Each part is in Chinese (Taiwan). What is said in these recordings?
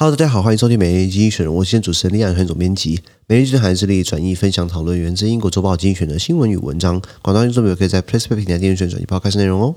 Hello，大家好，歡迎收聽《每日一經濟學人》，我是今天主持人里昂總編輯，每日一經濟學人致力轉譯、分享、討論源自英國《周報》精選的新聞與文章。廣大聽眾朋友可以在 PressPlay 平台訂閱里昂總編輯播客的內容哦。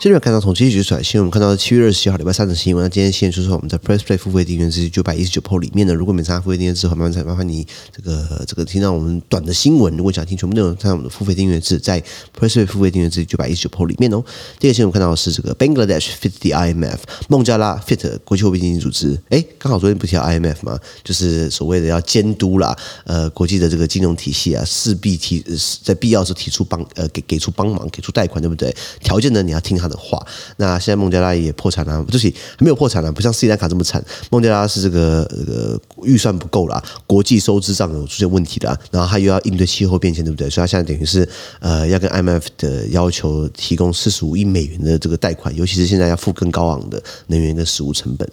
現在看到統計局出來新聞，我們看到七月二十七號禮拜三的新聞。那今天先說說我們在 PressPlay 付費訂閱制九百一十九塊裡面呢，如果沒參加付費訂閱制的話，麻煩再麻煩你這個這個聽到我們短的新聞。如果想聽全部內容，看到我們的付費訂閱制，在 PressPlay 付費訂閱制九百一十九塊裡面哦。第二期我們看到是這個 Bangladesh feat. the IMF 孟加拉 feat. 國際貨幣基金組織。哎，剛好昨天不提到 IMF 嘛，就是所謂的要監督啦，呃，國際的這個金融體系啊，勢必提在必要時提出幫呃給給出幫忙，給出貸款，對不對？條件呢，你要聽哈。的話，那現在孟加拉也破產了、啊，而且還沒有破產了、啊，不像斯里蘭卡這麼慘。孟加拉是這個呃預算不夠了，國際收支上有出現問題的啊。然後他又要應對氣候變遷，對不對？所以他現在等於是呃要跟 IMF 的要求提供四十五億美元的這個貸款，尤其是現在要付更高昂的能源跟食物成本。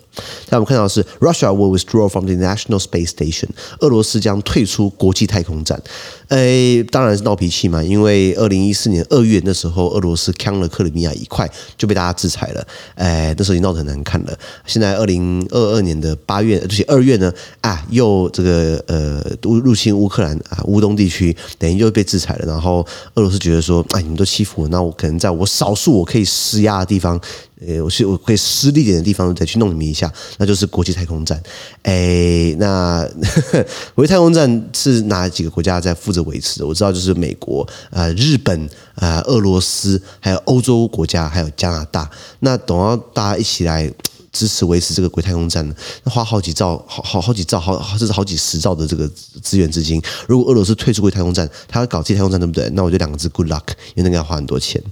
那我們看到是 Russia will withdraw from the International Space Station，俄羅斯將退出國際太空站。哎、欸，當然是鬧脾氣嘛，因為二零一四年二月那時候，俄羅斯坑了克里米亞一塊。就被大家制裁了，哎，那時候已經鬧得很難看了。現在二零二二年的八月，就是二月呢，啊，又這個呃，入侵烏克蘭啊，烏東地區，等於又被制裁了。然後俄羅斯覺得說，哎，你們都欺負我，那我可能在我少數我可以施壓的地方。呃，我去，我可以私立點的地方再去弄你們一下，那就是國際太空站。哎，那，呵呵，國際太空站是哪幾個國家在負責維持的？我知道就是美國、呃，日本、呃，俄羅斯，還有歐洲國家，還有加拿大。那等到大家一起來。支持維持這個國際太空站的，那花好幾兆、好好好幾兆、好這是好幾十兆的這個資源資金。如果俄羅斯退出國際太空站，他要搞自己太空站，對不對？那我就兩個字：good luck，因為那個要花很多錢。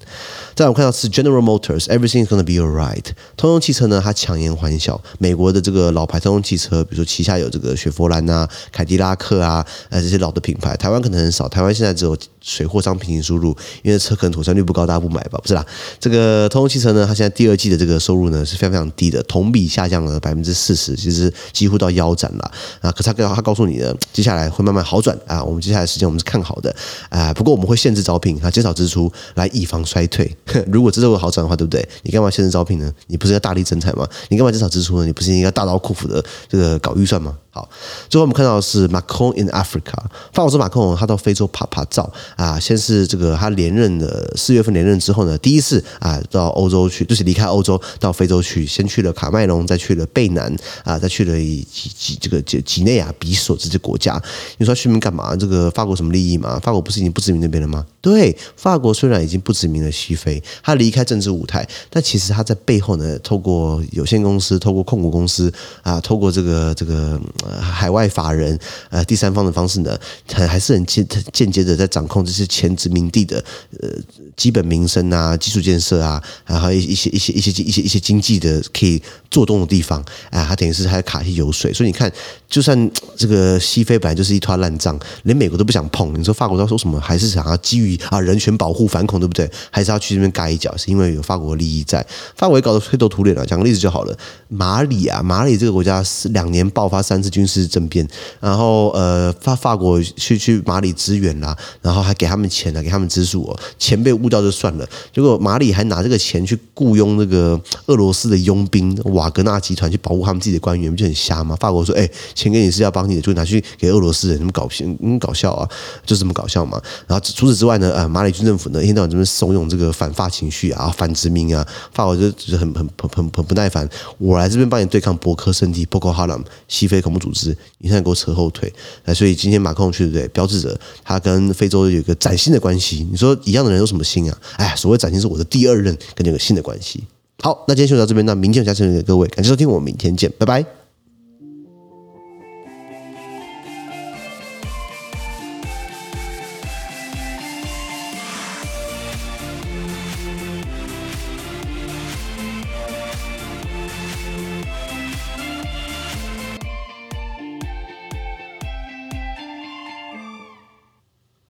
再來我們看到是 General Motors，Everything's going to be alright。通用汽車呢，它強顏歡笑。美國的這個老牌通用汽車，比如說旗下有這個雪佛蘭啊、凱迪拉克啊，呃這些老的品牌，台灣可能很少。台灣現在只有水貨商平行輸入，因為車可能妥善率不高，大家不買吧？不是啦。這個通用汽車呢，它現在第二季的這個收入呢是非常非常低的。同比下降了百分之四十，其實幾乎到腰斬了啊！可是他告他告訴你呢，接下來會慢慢好轉啊！我們接下來的時間我們是看好的啊，不過我們會限制招聘啊，減少支出來以防衰退。如果真的會好轉的話，對不對？你幹嘛限制招聘呢？你不是要大力增產嗎？你幹嘛減少支出呢？你不是應該大刀闊斧的這個搞預算嗎？好，最後我們看到的是 Macron in Africa。法國是馬克龍他到非洲趴趴走啊，先是這個他連任的四月份連任之後呢，第一次啊到歐洲去，就是離開歐洲到非洲去，先去了卡麥隆，再去了貝南啊，再去了幾幾這個幾幾內亞比索這些國家。你說他去那幹嘛？這個法國什麼利益嘛？法國不是已經不殖民那邊了嗎？對，法國雖然已經不殖民了西非，他離開政治舞台，但其實他在背後呢，透過有限公司，透過控股公司啊，透過這個這個。海外法人，呃、第三方的方式呢，還是很間間接的在掌控這些前殖民地的呃基本民生啊、基礎建設啊，然後一些一些一些一些一些一些經濟的可以做動的地方啊、呃，它等於是還卡一些油水。所以你看，就算這個西非本來就是一團爛賬，連美國都不想碰。你說法國它說什麼？還是想要基於啊人權保護、反恐，對不對？還是要去這邊嘎一腳？是因為有法國的利益在，法國也搞得灰頭土臉了、啊。講個例子就好了，馬里啊，馬里這個國家是兩年爆發三次，軍事政變，然後呃，法法國去去馬里支援啦、啊，然後還給他們錢啦、啊，給他們資助、啊。錢被誤掉就算了，結果馬里還拿這個錢去僱傭那個俄羅斯的傭兵瓦格納集團去保護他們自己的官員，不就很瞎嗎？法國說：“哎、欸，錢給你是要幫你的，就拿去給俄羅斯人，你們搞笑，很、嗯、搞笑啊，就這麼搞笑嘛。”然後除此之外呢，呃，馬里軍政府呢一天到晚這邊慫恿這個反法情緒啊，反殖民啊，法國就很很很很不耐煩，我來這邊幫你對抗博科聖地、博科哈蘭西非恐怖。組織，你現在給我扯後腿，那所以今天馬克宏去對不對？標誌着他跟非洲有一個嶄新的關係。你說一樣的人有什麼新啊？哎，所謂嶄新是我的第二任跟這個新的關係。好，那今天就到這邊，那明天有下次見各位，感謝收聽，我們明天見，拜拜。